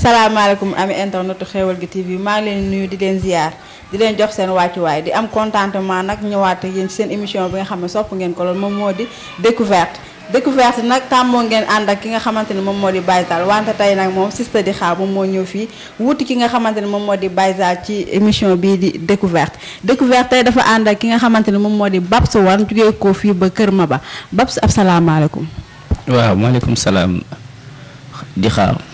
salaamaaleykum ami internetu xéewal gi TV maa ngi leen nuyu di leen ziar di leen jox seen wàccuwaay di am contentement nag ñëwaat ak yéen ci seen émission bi nga xam ne sopp ngeen ko lool moom moo di découverte découverte nag tàmmoo ngeen ànd ak ki nga xamante ne moom moo di Baytal wante tey nag moom Sista di xaar moom moo ñëw fii wuuti ki nga xamante ne moom moo di Baytal ci émission bii di découverte découverte tey dafa ànd ak ki nga xamante ne moom moo di Babs Wane jugee ko fii ba Kër Maba Babs ab salaamaaleykum. waaw maaleykum salaam di xaar.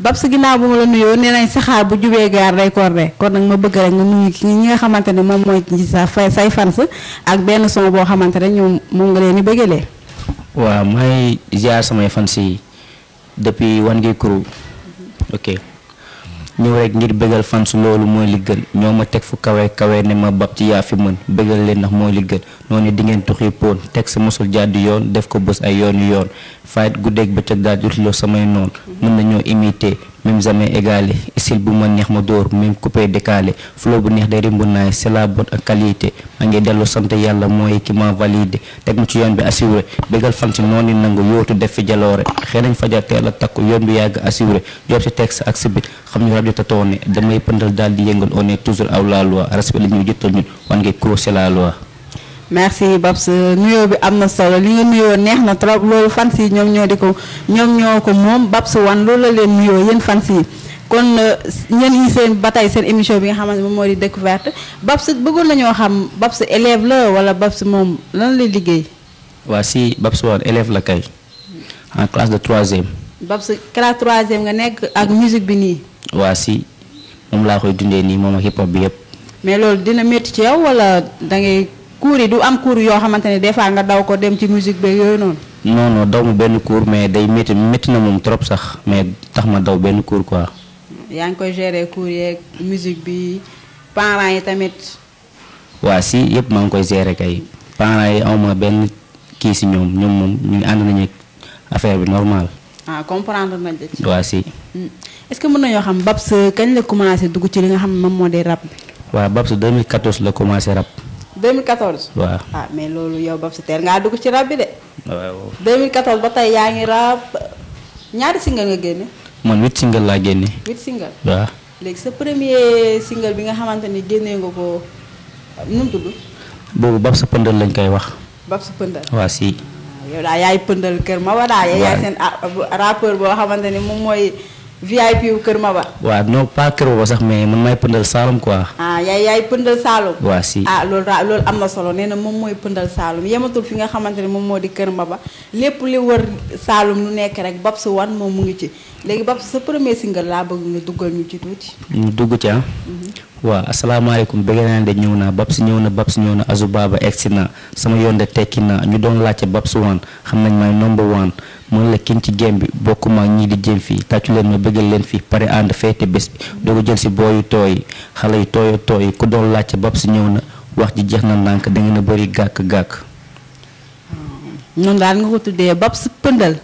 Babs ginnaaw bu ma la nuyoo nee nañ saxaar bu jubee gaar day cordé kon nag ma bëgg rek nga nuyu ki ñi nga xamante ne moom mooy ci sa fay say fans ak benn son boo xamante ne ñoom moom nga leen di bëggalee. waaw may ziar samay fans yi depuis One Gig Crew ok. ñu rek ngir bégal fans loolu mooy li ñoo ma teg fu kawe kawe ne ma bab ci yaa mën bégal leen nax mooy li gën noonu di ngeen tuxi poon teg sa mosul jàdd yoon def ko bës ay yoon yu yoon fayit guddeeg bëccëg daal di utloo samay noonu mën nañoo imité même jamais égalé style bu ma neex ma dóor même coupé décalé flow bu neex day rimbu naay c'est la bonne ak qualité maa ngi dellu sant yàlla mooy ki ma validé teg ma ci yoon bi assuré bégal fan si noonu nangu yootu def fi jaloore xëy nañ fajar teel a takku yoon bi yàgg assuré job si texte ak sibit xam ñu rab a tatoone damay pëndal daal di yëngal on est toujours aw la loi respect la ñuy ñun wan ngi croiser la loi merci Babs nuyo bi amna solo li nga nuyo neexna trop lolou fans yi ñom ñoo di ko ñoom ñoo ko moom Babs wan lolou la leen nuyo yeen fans yi kon ñen euh, yi seen batay seen émission bi nga xamante ne moo di découverte Babs bëggoon nañu xam Babs élève la wala Babs mom lan lay liggéey. waa si Babs wan élève la kay en classe de troisième. Babs classe troisième nga nekk ak musique bi nii. waa si moom laa koy dundee nii moom ak hip hop bi yëpp. mais loolu dina métti ci yow wala da ngay. cours yi du am cours yoo xamante ne des fois nga daw ko dem ci musique beeg yooyu noonu. non daw ma benn cours mais day métti métti na moom trop sax mais tax ma daw benn cours quoi. yaa ngi koy gérer cours yeeg bi parents yi tamit. waa si yëpp maa ngi koy gérer kay parents yi awma benn kii si ñoom ñoom moom ñu ngi bi normal. ah nañ la waa si. Hmm. est-ce que mën xam Babs la commencé dugg ci li nga xam ne moom moo di rap. waaw Babs 2014 la commencé rap. 2014 waaw ah mais loolu yow bab sa ter nga dugg ci rap bi de waaw single nga génne man 8 single laa génne 8 single waaw single bi nga xamante ni nga ko nu tudd boobu bab sa si ah, yow daa yaay pëndal kër ma wa daa yaay seen ah, rappeur boo xamante VIP wu Kër Maba. waaw non pas Kër Maba sax mais man maay pëndal Saalum quoi. ah yaay yaay pëndal Saalum. waaw si ah loolu ra loolu am na solo nee na moom mooy pëndal Saalum yematul fi nga xamante ne moom moo di Kër ba lépp li wër Saalum lu nekk rek bab Babs One moom mu ngi ci léegi Babs sa premier single laa bëgg nga duggal ñu ci tuuti. mu dugg ca waaw asalaamaaleykum bëgg naa de ñëw naa si ñëw na si ñëw na Azu Baba egsi na sama yoon de tekki na ñu doon laajte Babs One xam nañ maay number one mën la kin ci game bi bokkuma ñii di jëm fii tàccu leen ma bëggal leen fii pare ànd feete bés bi dooga si booyu tooy xale yi tooyo tooy ku doon laajte si ñëw na wax ji jeex na ndànk da ngeen a bëri gàkk-gàkk noonu daal nga ko tuddee Babs Pëndal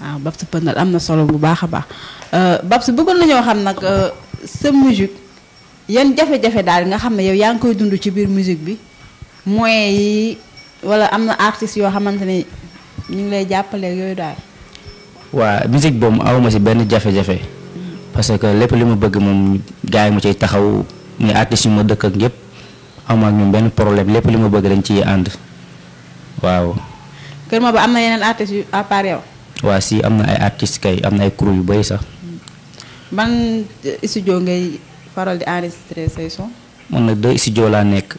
waaw Babs Pëndal am na solo bu baax a baax euh, Babs bëggoon nañoo xam nag euh, sa musique yan jafe-jafe daal nga xam ne yow yaa ngi koy dund ci biir musique bi moyens yi wala am na artistes yoo xamante ne ñu ngi lay jàppale yooyu daal. waa musique boobu awma si benn jafe-jafe. parce que lépp li ma bëgg moom gars yi mu ciy taxaw muy artistes yu ma dëkk ak yëpp awma ak benn problème lépp li bëgg dañ ciy ànd waaw. am na yeneen artistes yu à part yow. si am na ay artistes kay am na ay crew yu bëri sax. ban studio ngay. faral di enregistrer say son. man nag deux studio laa nekk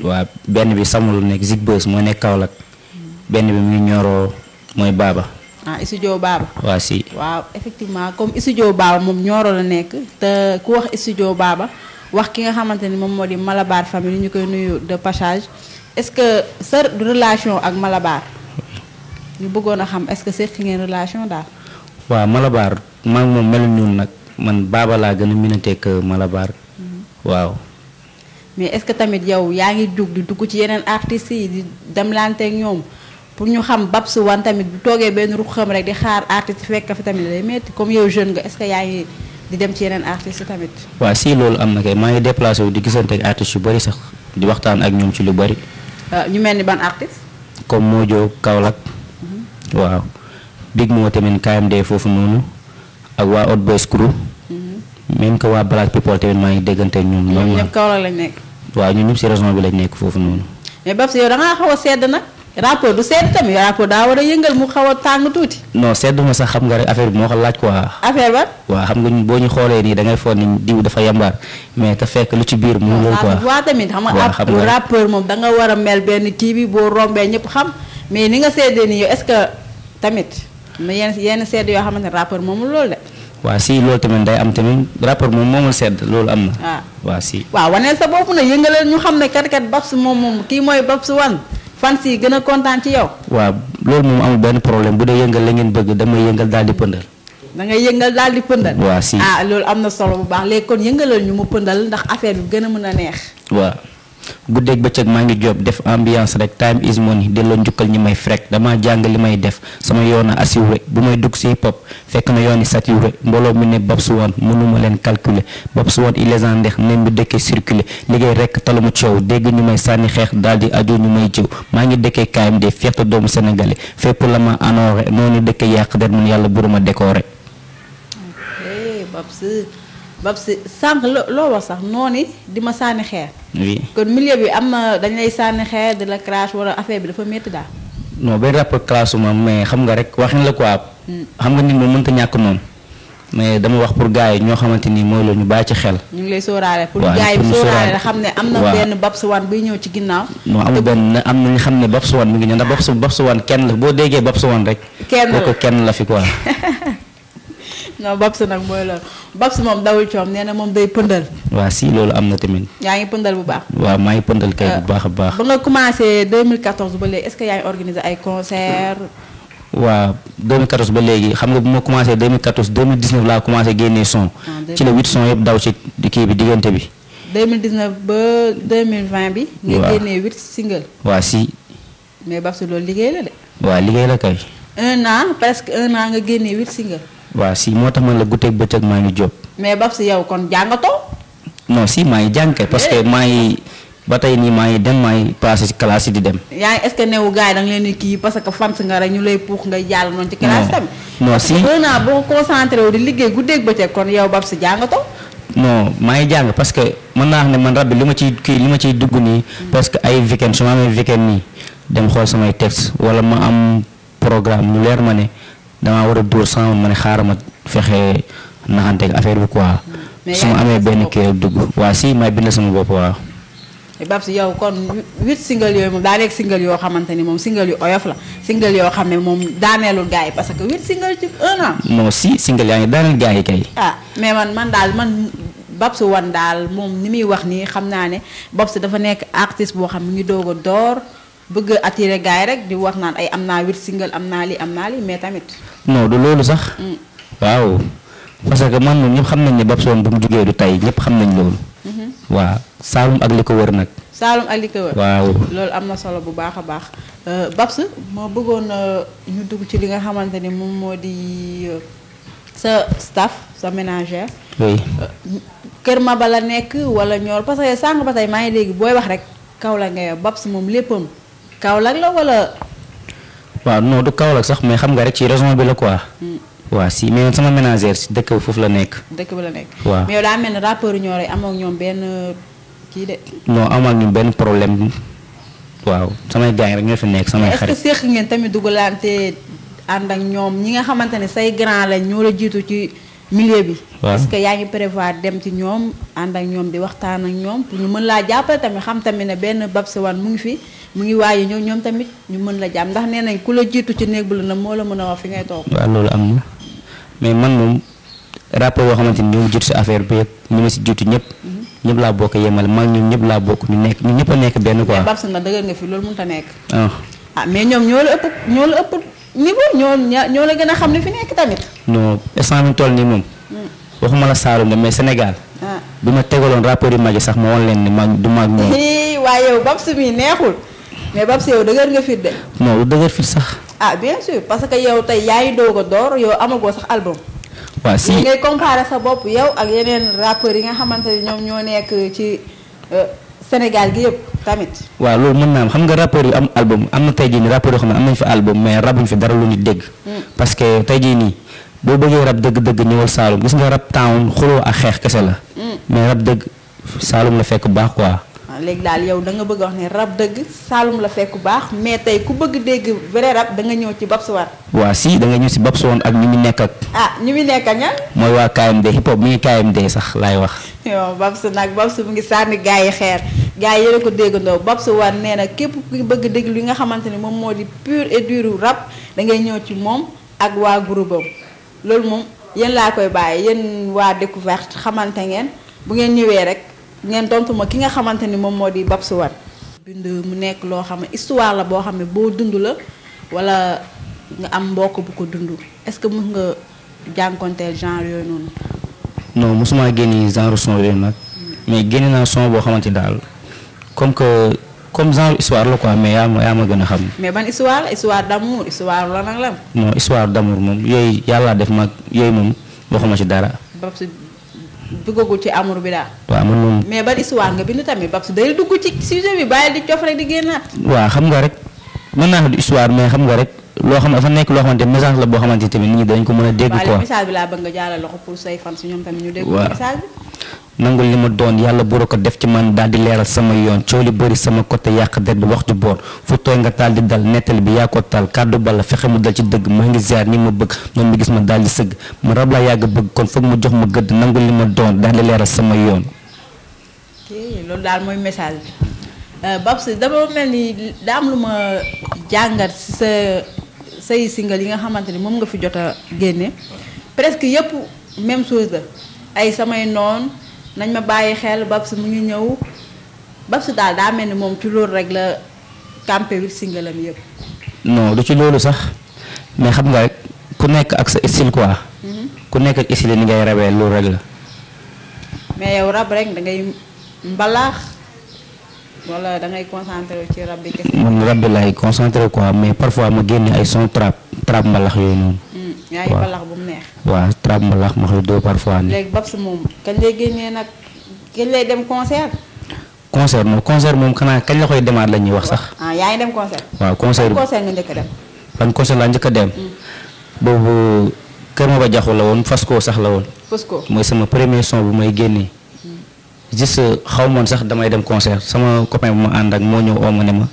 waa benn bi samul nekk Zigbeus mooy nekk Kaolack benn bi muy ñoroo mooy Baaba. ah studio Baaba. waa si. waaw effectivement comme studio Baaba moom ñooro la nekk te ku wax studio Baaba wax ki nga xamante ni moom moo di Malabar famille ñu koy nuyu de passage est-ce que sa relation ak Malabar ñu bëggoon a xam est-ce que seq ngeen relation daal. waa Malabar maa moom meluñu nag. man baaba laa gën a minatee que euh, Malabar mm-hmm. waaw. mais est-ce que tamit yow yaa ngi jug di dugg ci yeneen artistes yi di demlanteeg ñoom pour ñu xam Babs wan tamit bu toogee benn ruqam rek di xaar artiste fekk fi tamit day metti comme yow jeune nga est-ce que yaa ngi di dem ci yeneen artistes yi tamit. waaw si loolu am na kay maa ngi déplacé wu di gisante ak artistes yu bëri sax di waxtaan ak ñoom ci lu bëri. Euh, ñu mel ni ban artiste. comme Mojo Kaolack. Mm-hmm. waaw Big Mo tamit KMD foofu ak waa Old Boys Crew. Mhm. même ko waa Black People tamit maa ngi déggante ñoom. ñoom ñëpp Kaolack lañ nekk. waaw ñun ñëpp si région bi lañ nekk foofu noonu. mais Babs yow da ngaa a sedd nag. rapport du sedd tamit rapport daa war a yëngal mu xaw a tàng tuuti. non sedd ma sax xam nga rek affaire bi moo ko laaj quoi. affaire ba. waaw xam nga boo ñu xoolee nii da ngay foog ni diw dafa yambaar mais te fekk lu ci biir. mu ngi quoi waaw tamit xam nga rapport moom da a mel benn kii bi boo rombee ñëpp xam mais ni nga seddee nii yow est que tamit. ma yenn yenn sedd yoo xamante ne rapport moom loolu de. waaw si loolu tamit day am tamit rapport moom moomul sedd loolu am na. Ah. waaw si. waaw waneel sa bopp na yëngaleel ñu xam ne kat kat Babs moom moom kii mooy Babs wan fan sii gën a kontaan ci yow. waaw loolu moom amul benn problème bu dee yëngal la ngeen bëgg damay yëngal daal di pëndal. da ngay yëngal daal di pëndal. waa si ah loolu am na solo bu baax léegi kon yëngaleel ñu mu pëndal ndax affaire bi gën a mën a neex. waaw. guddeeg bëccëg maa ngi job def ambiance rek time is money delloo njukkal ñi may frek dama jàng li may def sama yoon a assuré bu may dugg si hip hop fekk na yoon i saturé mbooloo mu ne Babs One mënuma leen calculer Babs One il est en ndex ne mu dëkkee circulé liggéey rek taluma coow dégg ñu may sànni xeex daal di aju ñu may jiw maa ngi dëkkee de fierté doomu sénégalais fépp la ma anoore noonu dëkkee yàq der man yàlla buruma décoré. Babs ba sànq loo wax sax noonu di ma sànni xeer. oui kon milieu bi am na dañ lay sànni xeer di la crash wala affaire bi dafa métti daal. non benn rapport classe ma mais xam nga rek waxin la ko hmm. xam nga nit moom mënta ñàkk moom. mais dama wax pour gars yi ñoo xamante ni mooy loolu ñu bàyyi xel. ñu ngi lay sóoraale pour gars yi sóoraale xam ne am na benn Babs One buy ñëw ci ginnaaw. non amul benn am na ñu xam ne Babs One mu ngi ñëw ndax Babs Babs One kenn la boo déggee Babs One rek. kenn ko kenn la fi ko quoi. non Babs nag mooy loolu Babs moom dawul coom nee na moom day pëndal. waaw si loolu am na tamit. yaa ngi pëndal bu baax. waaw maa ngi pëndal kay bu euh, baax a baax. ba nga commencé 2014 ba léegi est-ce que yaa ngi organisé ay concert wa 2014 ba léegi xam nga bu ma commencé 2014 2019 laa commencé gagner son. Ah, ci la huit son yëpp daw ci kii bi diggante bi. 2019 ba 2020 bi. waaw nga génnee single. wa si. mais Babs loolu liggéey la de. waaw liggéey la kay. un an parce que un an nga génnee huit single. wa si moo tax man la goute beut ak ngi job mais ba si yow kon jangato non si may ngi parce que may batay ni may dem may ngi passé ci classe di dem. ya est ce que newu gars dang leni ki parce que fans nga rek ñu lay pour nga jàll non ci classe tam non si na bo concentré wu di liggéey guddeeg bëccëg kon yow ba si jangato non may jang parce que man na wax ne man rabbi luma ci ma ciy kii dugg ni parce que ay weekend su ma weekend ni dem xol sama texte wala ma am programme mu leer ma ne. damaa war a dóor sama ma ne xaaral ma fexe naxanteeg affaire bu quoi. su ma amee benn kii rek dugg waa si may bind sama bopp waaw. Eh, Babs yow kon huit single yooyu moom daa nekk yoo xamante ni moom single yu oyof la single yoo xam ne moom daaneelul gars yi parce que huit single ci si single yaa ngi daaneel gars yi kay. Ah, mais man man daal man Babs wan daal moom ni muy wax nii xam naa ne si dafa nekk artiste boo xam ni ngi doog a door. bëgg atire attirer gaay rek di wax naan ay amna wir single amna li amna li mais tamit. non du lolu sax. Mm. waaw parce que man moom xam nañ bop soom bu mu jugee du tay ñëpp xam nañ lolu mm-hmm. waaw salum ak liko wër nak salum ak liko wër. waaw lolu amna solo bu baax a euh, Babs bëggoon euh, ñu dugg ci li nga xamanteni modi di euh, sa staff sa ménagère. oui Kër ma bala nek wala ñor parce que sang ba tey maa ngi léegi wax rek kaw la ngay Babs mom leppam kaw Kaolack la wala. waaw non du Kaolack sax mais xam nga rek ci région bi la quoi. Hmm. waaw si mais sama ménagère si dëkk foofu la nekk. dëkk bi la nekk. waa mais yow daa mel ne rapport ñoo rek ñoom benn uh, kii de. non amoo ak benn problème waaw samay gaañ rek ñoo fi nekk samay. xar est-ce que seq ngeen ànd ak ñoom ñi nga xamante ne say grand lañ ñoo la jiitu ci. milieu bi. waaw parce que yaa ngi prévoir dem ci ñoom ànd ak ñoom di waxtaan ak ñoom pour ñu mën laa jàppale tamit xam tamit ne benn Babs Wane mu ngi fi mu ngi waaye ñëw ñoom tamit ñu mën la jàmm ndax nee nañ ku la jiitu ci néeg bu la na moo la mën a wax fi ngay toog. waaw loolu am na mais man moom rapport boo xamante ni ñoo jiitu si affaire bi yëpp ñu ngi si jiitu ñëpp. Mhm. ñëpp laa bokk yemal maa ngi ñun ñëpp laa bokk ñu nekk ñu ñëpp a nekk benn quoi. mais Babsa nag dëgg nga fi loolu mënut a nekk. Ah. ah mais ñoom ñoo la ëpp ñoo la ëpp niveau ñoo ñoo la gën a xam ne fi nekk tamit. non instant bi toll nii moom. Hmm. waxuma la Saalum de mais Sénégal. Ah. bi ma tegaloon rapport yi magi sax ma wan leen ne ma du mag ñoom. waaye yow Babsa mi neexul mais Babs yow dëgër nga fit de. non dëgër fit sax. ah bien sûr parce que yow tey yaa ngi doog a door yow amagoo sax album. waaw si ngay comparé sa bopp yow ak yeneen rappeurs yi nga xamante ne ñoom ñoo nekk ci euh, Sénégal gi yëpp tamit. waaw loolu mën naa am xam nga rapport yu am album am na tey jii nii rappeurs yoo xam ne am nañu fi album mais rabuñu fi dara lu nit dégg. Hmm. parce que tey jii nii boo bëggee rab dëgg-dëgg ñëwal Saalum gis nga rab town xuloo ak xeex kese la. Hmm. dëgg Saalum la fekk baax quoi. Ah, léegi daal yow da nga bëgg wax ne rab dëgg Saalum la fekk baax mais tey ku bëgg dégg vrai rab da nga ñëw ci Babsuwar. waa si da nga ñëw si Babsuwar ak ñu mu nekk ak. ah ñu mu nekk ak ña. mooy waa KMD hip hop mi ngi KMD sax laay wax. yow Babsu nag Babsu mu ngi nee na képp ku bëgg dégg li nga xamante ne moom moo di pur et dur rab da ngay ñëw ci moom ak waa groupe am loolu moom yéen laa koy bàyyi yéen waa découverte xamante bu ngeen ñëwee rek. ngeen tontu ma ki nga xamante ni moom moo di Babs Wane bind mu nekk loo xam ne histoire la boo xam ne boo dund la wala nga am mbokk bu ko dund est-ce que mën nga jànkonteel genre yooyu noonu. non mosuma génn genre son yooyu nag. Hmm. mais génne naa son boo xamante daal comme que comme genre histoire la quoi mais yaa ma yaa gën a xam. mais ban histoire histoire d'amour histoire la nag lan. non histoire d'amour moom yooyu yàlla def mag yooyu moom waxuma ci dara. duggagul ci amour bi daal. waaw man mais ban histoire nga bind tamit Babs day dugg ci sujet bi bàyyi di cof rek di génnaat. waaw xam nga rek mën naa xam du histoire mais xam nga rek loo xam dafa nekk loo xamante message la boo xamante tamit nit ñi dañ ko mën a dégg quoi. message bi laa bëgg nga jàllale loxo pour say fan si ñoom tamit ñu dégg message bi. nangu li ma doon yàlla buru ko def ci man daal di leeral sama yoon coow li bëri sama côté yàq der bi wax ju boor fu tooy nga taal di dal nettali bi yaa ko taal kàddu bala fexe mu dal ci dëgg maa ngi ziar ñi ma bëgg noonu ma gis ma daal di sëgg ma rab laa yàgg bëgg kon foog ma jox ma gëdd nangu li ma doon daal di leeral sama yoon. loolu daal mooy message bi euh, Babs dama mel ni daa am lu ma jàngat si sa say single yi nga xamante ni moom nga fi jot a génne presque yëpp même chose samay noon nañ ma bàyyi xel Babs mu ngi ñëw Babs daal daa mel ni moom ci loolu rek la campé wil singalam yëpp. non du ci loolu sax mais xam nga rek ku nekk ak sa style quoi. Mhm. ku nekk ak style ni ngay rabee loolu rek la. mais yow rab rek da mbalaax. wala da ngay concentré ci mais parfois ma génne ay son trap trap mbalax yooyu noonu. Hmm, yaa ngi mbalax bu mu neex. waaw trap mbalax ma xam doo parfois. léegi Babs moom kañ lay dem concert. concert moom kañ la koy demaat la wax sax. ah yaa dem concert. waaw concert nga njëkk a dem. njëkk a dem. Hmm. boobu Kër Maba Jaxu la woon Fasco sax la woon. Fasco mooy sama premier son bu may génnee. juste xawmon sax damay dem concert sama copain bu ma and ak mo ñew o ma ne ma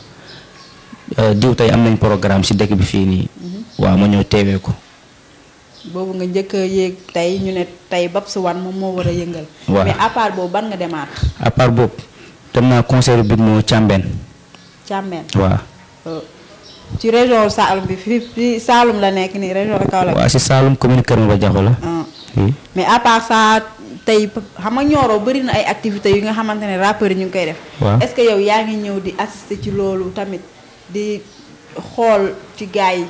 euh, diw tay am nañ programme ci dekk bi fi ni mhm. wa ma ñew tewé ko bobu nga jëk yeek tay ñu ne tay bab su wan moo mo wara yëngal mais à part boobu ban nga démat à part boobu dem na concert bi mo chamben chamben wa euh, ci région salum bi fi fi la nek ni région Kaolack wa si salum commune Kër ba Diakhou la ah. mais à part ça tey xam nga Nioro bëri na ay activités yu nga xamante ne rappeurs yi ñu ngi koy def. est-ce yow yaa ngi ñëw di assister ci loolu tamit di xool ci gaa yi.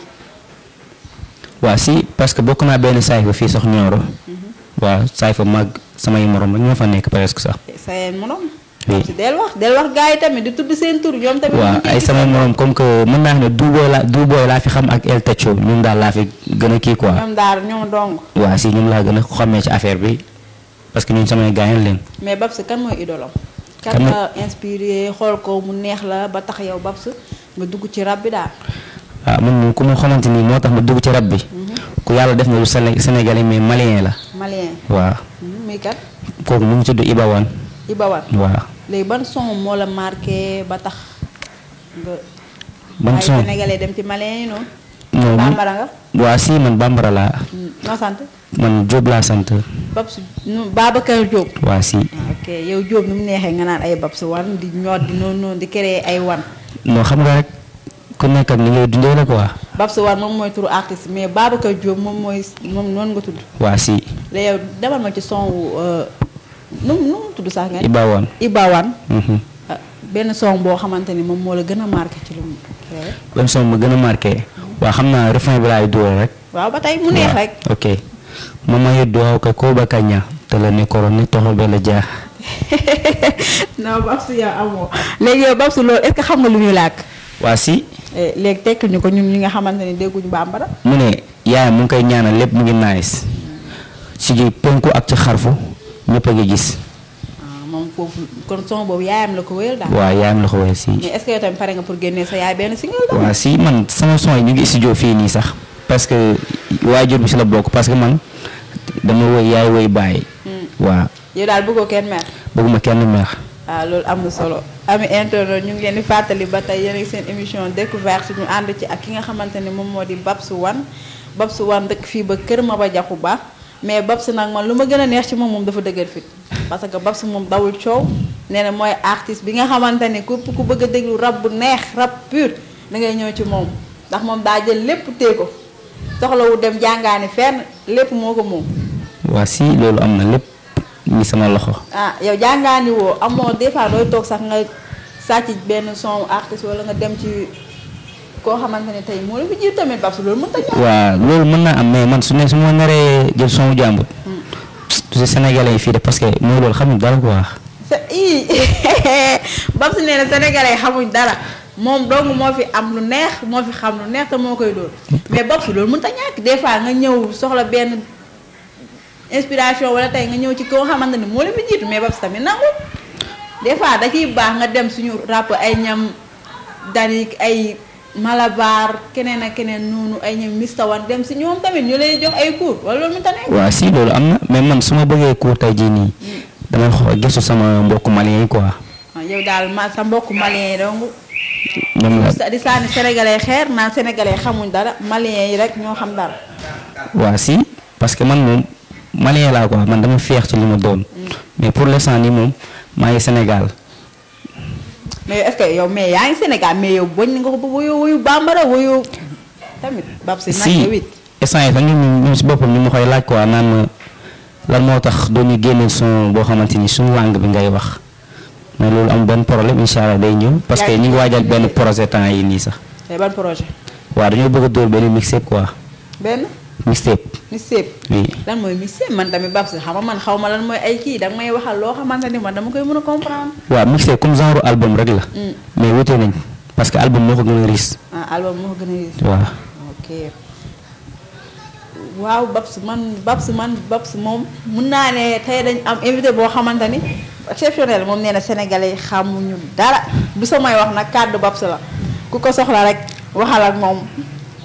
waa si parce que bokk naa benn saay fa fii sax Nioro. Mm-hmm. waaw saay fa mag samay morom ñoo fa nekk presque sax. Eh, sa yeen morom. oui del wax del wax gars yi tamit di tudd seen tur ñoom tamit. waaw ay sama morom comme que mën naa ne duubooy laa duubooy laa fi xam ak El Tacho ñun daal laa fi gën a kii quoi. ñoom daal ñoo dong. waa si ñoom laa gën a xamee ci affaire bi. parce que ñun samay gaañal leen. mais Babs kan mooy idolam. kan la inspiré xool ko mu neex la ba tax yow Babs nga dugg ci rab bi daal. waaw ah, man ku ma xamante ni moo tax ma dugg ci rab bi. Mhm. ku yàlla def na lu Sénégalais mais malien la. malien waaw. muy mhm. kat. kooku mu ngi tudd Ibawan. Ibawan waaw. léegi ban son moo la marqué ba tax nga. ban son ay sénégalais dem ci malien yi noonu. non bambara nga. waa si man bambara laa. Hmm, noo sant. man jóob laa sant. Babs Babacar Diop. waa si. Ah, ok yow Diop nu mu neexee nga naan ay Babs wan di ñor di noonu di créer ay wan. non xam nga rek ku nekk ak ni ngay dundee la quoi. Babs wan moom mooy turu artiste mais Babacar Diop moom mooy moom noonu nga tudd. waa si. la yow demal ma ci son wu euh, nu nu mu tudd sax ngeen. Iba mhm. ah, benn son boo xamante ni moom moo la gën a marqué ci lu mu. benn son ma gën a marqué. waa xam naa refrain bi laay dóor rek. waaw ba tey mu neex rek. ok mama yeddowa ka ko ba kaña te la ne koro ni toxo bela jaa. non Babsu yow amoo léegi yow Babsu loolu est xam nga lu muy làkk. waa si. Eh, léegi tekki ñu ko ñun ñi nga xamante ne dégguñu bambara. mu ne yaayam mu ngi koy ñaana lépp mu ngi nice. si ji penku ak ci xarfu ñëpp a ngi gis. foofu kon son boobu yaayam la ko wéyal daal. waaw yaayam la ko wéyal si. mais est-ce que tamit pare nga pour génnee sa yaay benn single. waaw si man sama son yi ñu ngi studio fii nii sax parce que waajur bi si la bokk parce que man dama woy yaay woy bàyyi. Hmm. waa yow daal bëggoo kenn mer. bëgguma kenn meex waaw ah, loolu amul solo ami internet ñu ngi leen di fàttali ba tey yéen seen émission découverte ñu ànd ci ak ki nga xamante ne moom moo di Babsu Wan Babsu Wan dëkk fii ba Kër Maba Jaxu Ba mais Babsu nag man lu ma gën a neex ci moom moom dafa dëgër fit parce que Babs moom dawul coow nee na mooy artiste bi nga xamante ne ku ku bëgg a déglu rab bu neex rab pur da ngay ñëw ci moom ndax moom daa jël lépp tee ko soxlawu dem jàngaani fenn lépp moo ko moom. waa si loolu am na lépp ni sama loxo. ah yow jàngaani woo amoo des dooy toog sax nga sàcc benn son artiste wala nga dem ci. koo xamante ne tey moo la fi jiw tamit Babs loolu mën na. waaw loolu mën naa am mais man su ne su ma naree jël son jàmbur. Hmm. surtout sénégalais yi fii de parce que mooy loolu xamuñ dara quoi. sa ii Babs nee na xamuñ dara moom dong moo fi am lu neex moo fi xam lu neex te moo koy doon mais Babs loolu mënut a ñàkk des fois nga ñëw soxla benn inspiration wala tey nga ñëw ci koo xamante ni moo la fi jiitu mais Babs tamit nangu des fois baax nga dem suñu rap ay ñam danik ay. Malabar keneen a keneen noonu ay ñoom Mr Wan dem si ñoom tamit ñu lay jox ay cours wala loolu mu tane. waaw si loolu am na mais man su ma bëggee cours tey jii nii. Hmm. damay xoo sama mbokku malien yi quoi. Ah, yow ma sa xeer naan sénégalais xamuñ dara malien yi rek ñoo xam dara. waaw si parce que man moom malien laa quoi man dama féex ci li ma doon. Hmm. mais pour l'instant nii moom maa ngi Sénégal. mais yow mais yaa ngi Sénégal mais yow bañ nga ko ba si nag wit instant yi sax ñun si boppam ñu ma koy laaj quoi naan ma lan moo tax doo ñu génne son boo xamante ni suñu langue bi ngay wax mais loolu am benn problème incha allah day ñëw. parce que ñu ngi waajal benn projet temps yi nii sax. ban projet. dañoo bëgg dóor benn mixtape quoi. benn. Mixtape. Mixtape. oui lan mooy Mixtape man tamit Babs xam nga man xaw ma lan mooy ay kii da nga may waxal loo xamante ni man dama koy mën a comprendre. waaw Mixtape comme genre album rek la. Mm. mais wute nañ parce que album moo ko gën a riis. ah moo ko gën a waaw. ok Babs man Babs man Babs moom mun naa ne tey dañ am invité boo xamante ni exceptionnel moom nee na sénégalais yi xamuñu dara du samay wax nag kàddu Babs la ku ko soxla rek waxal ak moom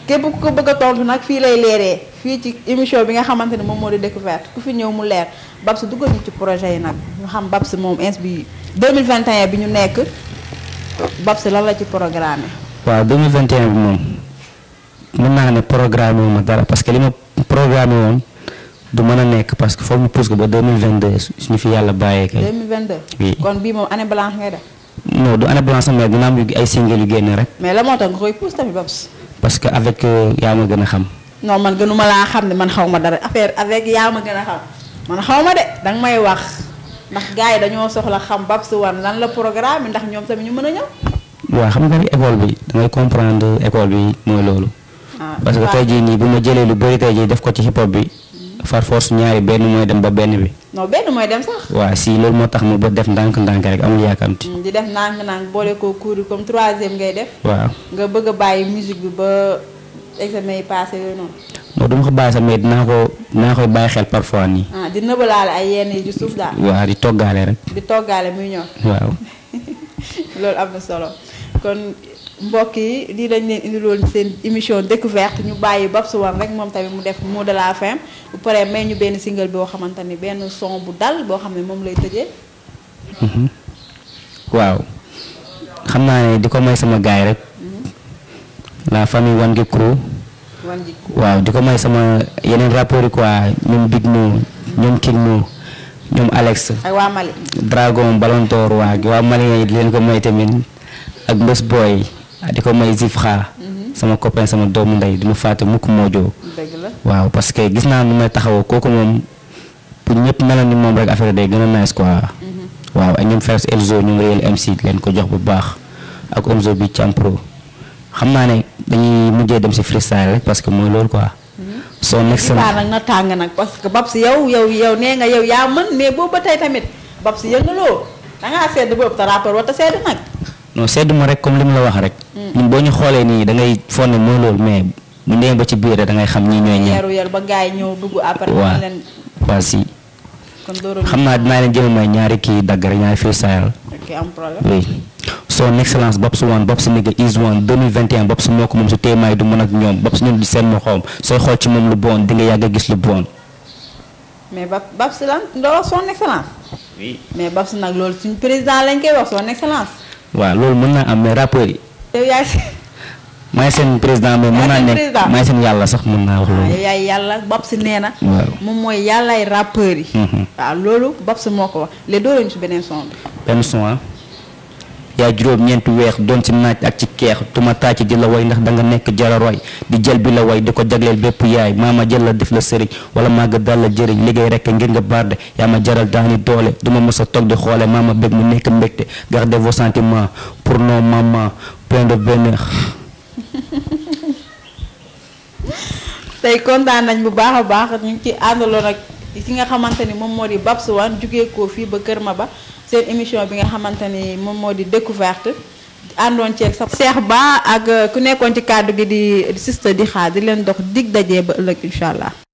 képp ku ko bëgg tontu nag fii lay leeree. fii ci émission bi nga xamantene mom modi découverte ku fi ñew mu leer Babs duggal ñu ci projet yi nag ñu xam Babs mom ins bi 2021 bi ñu nekk Babs lan la ci programme waaw 2021 bi mom mën naa ne programme wu ma dara parce que li ma programme woon du mën a nekk parce que foog ñu pousse ko ba 2022 suñu fi yàlla bàyyee kay. 2022 oui kon bii moom année blanche ngay def. non du année blanche mais dina am ay single yu rek. mais la moo tax nga koy pousse tamit Babs. parce que avec euh, yaa ma gën a xam. non man gënuma laa xam ne man xaw ma dara affaire avec yaa ma gën a xam man xaw ma de danga may wax ndax gars yi dañoo soxla xam Babs One lan la programme ndax ñoom tamit ñu mën a ñëw. waaw xam nga ni école bi dangay comprendre école bi mooy loolu. Ah, parce que tey jii nii bu ma jëlee lu bëri tey jii def ko ci hip hop bi. far hmm. force ñaari benn mooy dem ba benn bi. non benn mooy dem sax. waaw si loolu moo tax mu ba def ndànk-ndànk rek amul yaakamti. Hmm, di def ndànk-ndànk boole ko kuuri ngay def. a examen yi passé yooyu noonu. non du ma ko bàyyi sax mais dinaa ko dinaa koy bàyyi xel parfois nii. ah di nëbalaale ay yenn yi ci suuf daal. waaw di toggaale rek. di toggaale muy ñor. waaw. loolu am na solo kon mbokk yi lii dañ leen indiloon seen émission découverte ñu bàyyi Babs One rek moom tamit mu def mot de la fin bu paree may ñu benn single boo xamante ni benn son bu dal boo xam ne moom lay tëjee. Mhm. waaw xam naa ne di ko may sama gaay rek. la famille Wangi Crew waaw di ko may sama yeneen rapport yi quoi ñoom Big No ñoom King No ñoom Alex Dragon Ballon d'Or waa waa Mali di leen ko may tamit ak Mbës Boy di ko may Zifra mhm. sama copain sama doomu ndey du ma fàtte mukk Mojo waaw parce que gis naa nu may taxaw kooku moom pour ñëpp meloon ni moom rek affaire de gën a nice quoi mhm. waaw ak ñoom Ferex Elzo ñoom Réel MC leen ko jox bu baax ak Omzo bi Campro xam naa ne dañuy mujjee dem si freestyle rek parce que mooy loolu quoi. soo nekk seen nag na tàng nag parce que Babs yow yow yow nee nga yow yaa mën mais boobu ba tey tamit Babs yëngaloo da sedd boobu te rapport wa sedd nag. non sedd ma rek comme li mu la wax rek. Mm. ñun boo ñu xoolee nii da ngay fonne mooy loolu mais bu ñu ba ci biir da ngay xam ñii ñooy ñëw. yaru ba gars yi ñëw dugg après. waaw leen waaw si. xam naa dinaa leen jël may ñaari kii dagg rek ñaari freestyle. am problème oui. son excellence Babs One Babs Nigga is one 2021 Babs moo ko moom su téemaay du mën ak ñoom Babs ñun di seen ma xoom sooy xool ci moom lu bon di yàgg a gis lu bon. mais Bab président lañ koy waaw loolu mën naa am mais yi. yow seen président mais mën naa nekk maay seen yàlla sax mun naa wax loolu. yaay yàlla Babs nee na. waaw moom mooy yàllaay rappeurs yi. Mhm. waaw loolu Babs moo ko wax léegi doo leen ci beneen son bi. benn son yaa juróom ñeenti weex doon si naaj ak ci keex tuma taaci di la way ndax da nga nekk jararoy di jël bi la way di ko jagleel bépp yaay maama jël ma jaral daani doole du ma mës a toog di xoole maama bég mu nekk mbégte gardez vos sentiments pour nos mamans plein de bonheur tey kontaan nañ bu baax a baax ñu ngi ci àndaloon ak ki nga xamante ni moom moo di Babs Wane jugee ko fii ba Kër Maba cette émission bi nga xamante mom modi découverte àndoon ci sa Cheikh Ba ak euh, ku nekkon ci cadre bi di sister di xaar di len dox dig dajé ba ëllëg incha